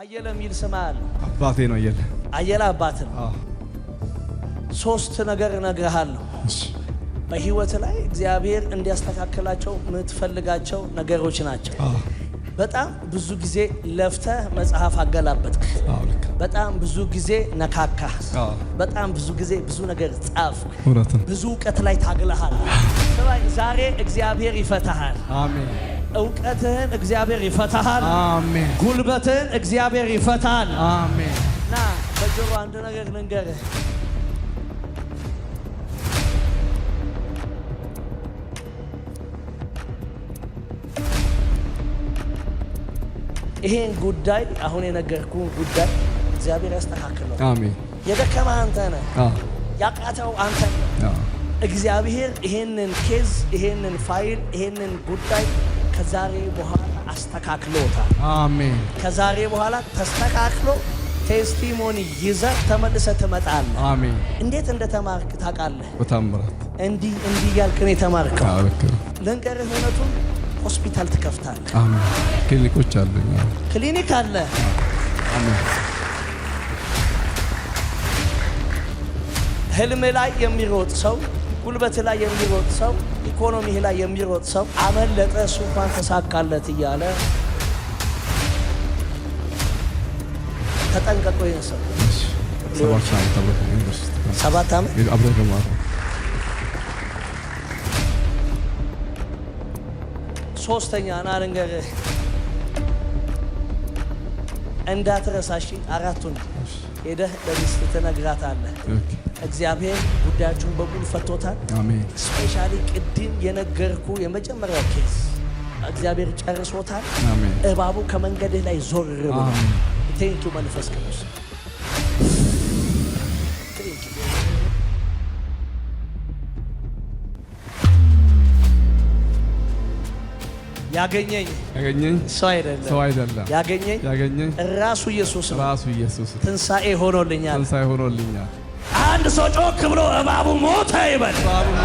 አየለ የሚል ስም አለ። አባቴ ነው አየለ። አየለ አባት ነው። ሶስት ነገር እነግርሃለሁ በህይወት ላይ እግዚአብሔር እንዲያስተካክላቸው የምትፈልጋቸው ነገሮች ናቸው። በጣም ብዙ ጊዜ ለፍተህ መጽሐፍ አገላበጥክ። በጣም ብዙ ጊዜ ነካካ በጣም ብዙ ጊዜ ብዙ ነገር ጻፍክ። ብዙ እውቀት ላይ ታግለሃል። ዛሬ እግዚአብሔር ይፈታሃል። እውቀትህን እግዚአብሔር ይፈታሃል። ጉልበትህን እግዚአብሔር ይፈታሃል። እና በጆሮ አንድ ነገር ልንገርህ ይሄን ጉዳይ አሁን የነገርኩህን ጉዳይ እግዚአብሔር ያስተካክለው። አሜን። የደከመ አንተ ነ ያቃተው አንተ እግዚአብሔር ይሄንን ኬዝ፣ ይሄንን ፋይል፣ ይሄንን ጉዳይ ከዛሬ በኋላ አስተካክሎታል። አሜን። ከዛሬ በኋላ ተስተካክሎ ቴስቲሞኒ ይዘህ ተመልሰ ትመጣለ። አሜን። እንዴት ተማርክ ታውቃለህ። በታምራት እንዲህ እንዲህ እያልክ ነው የተማርከው። ልንገርህ እውነቱን ሆስፒታል ትከፍታለህ። አሜን። ክሊኒኮች አሉ። ክሊኒክ አለ። ህልም ላይ የሚሮጥ ሰው፣ ጉልበት ላይ የሚሮጥ ሰው፣ ኢኮኖሚህ ላይ የሚሮጥ ሰው አመለጠ እሱ እንኳን ተሳካለት እያለ ተጠንቀቁ። ይህን ሰው ሰባት ዓመት ሶስተኛ ና ልንገርህ፣ እንዳትረሳሽኝ አራቱን ሄደህ ለሚስት ትነግራታለህ። እግዚአብሔር ጉዳያችሁን በሙሉ ፈቶታል። ስፔሻሊ ቅድም የነገርኩ የመጀመሪያው ኬስ እግዚአብሔር ጨርሶታል። እባቡ ከመንገድህ ላይ ዞር ብሎ ቴንኪው መንፈስ ቅዱስ ያገኘኝ ያገኘኝ ሰው አይደለም ሰው አይደለም ያገኘኝ ያገኘኝ ራሱ ኢየሱስ ነው ራሱ ኢየሱስ ሆኖልኛል ሆኖልኛል። አንድ ሰው ጮክ ብሎ እባቡ ሞተ ይበል።